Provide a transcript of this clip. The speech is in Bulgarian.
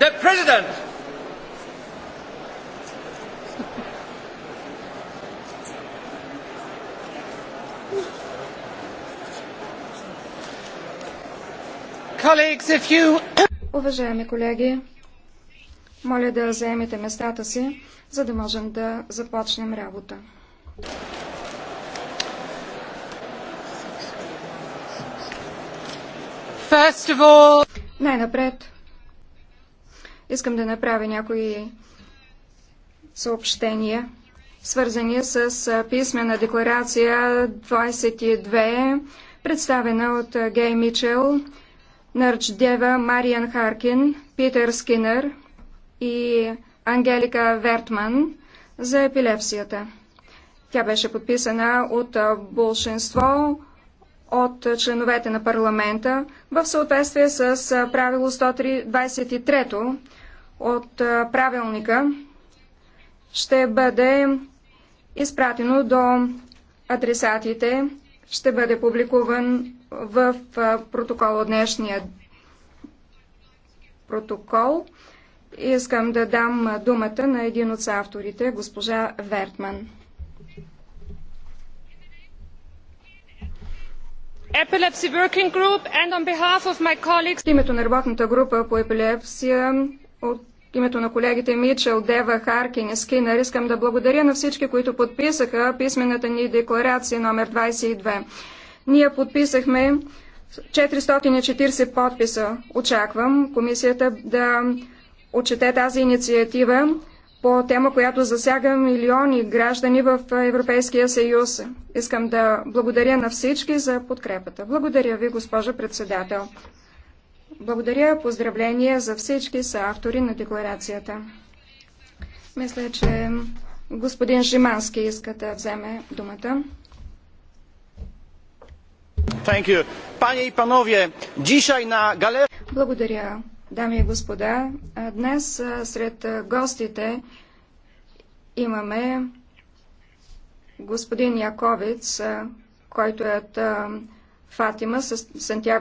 The President! Уважаеми колеги, моля да заемете местата си, за да можем да започнем работа. Най-напред Искам да направя някои съобщения, свързани с писмена декларация 22, представена от Гей Мичел, Нърч Дева, Мариан Харкин, Питер Скинър и Ангелика Вертман за епилепсията. Тя беше подписана от болшинство от членовете на парламента в съответствие с правило 123 от правилника ще бъде изпратено до адресатите, ще бъде публикуван в протокол от днешния протокол. Искам да дам думата на един от авторите, госпожа Вертман. Epilepsy Working Group and on behalf of my colleagues... името на работната група по епилепсия, от името на колегите Мичел, Дева, Харкин и Скинер, искам да благодаря на всички, които подписаха писмената ни декларация номер 22. Ние подписахме 440 подписа. Очаквам комисията да отчете тази инициатива по тема, която засяга милиони граждани в Европейския съюз. Искам да благодаря на всички за подкрепата. Благодаря ви, госпожа председател. Благодаря, поздравления за всички са автори на декларацията. Мисля, че господин Шимански иска да вземе думата. Thank you. Благодаря, Дами и господа, днес сред гостите имаме господин Яковец, който е от Фатима, Сантьяго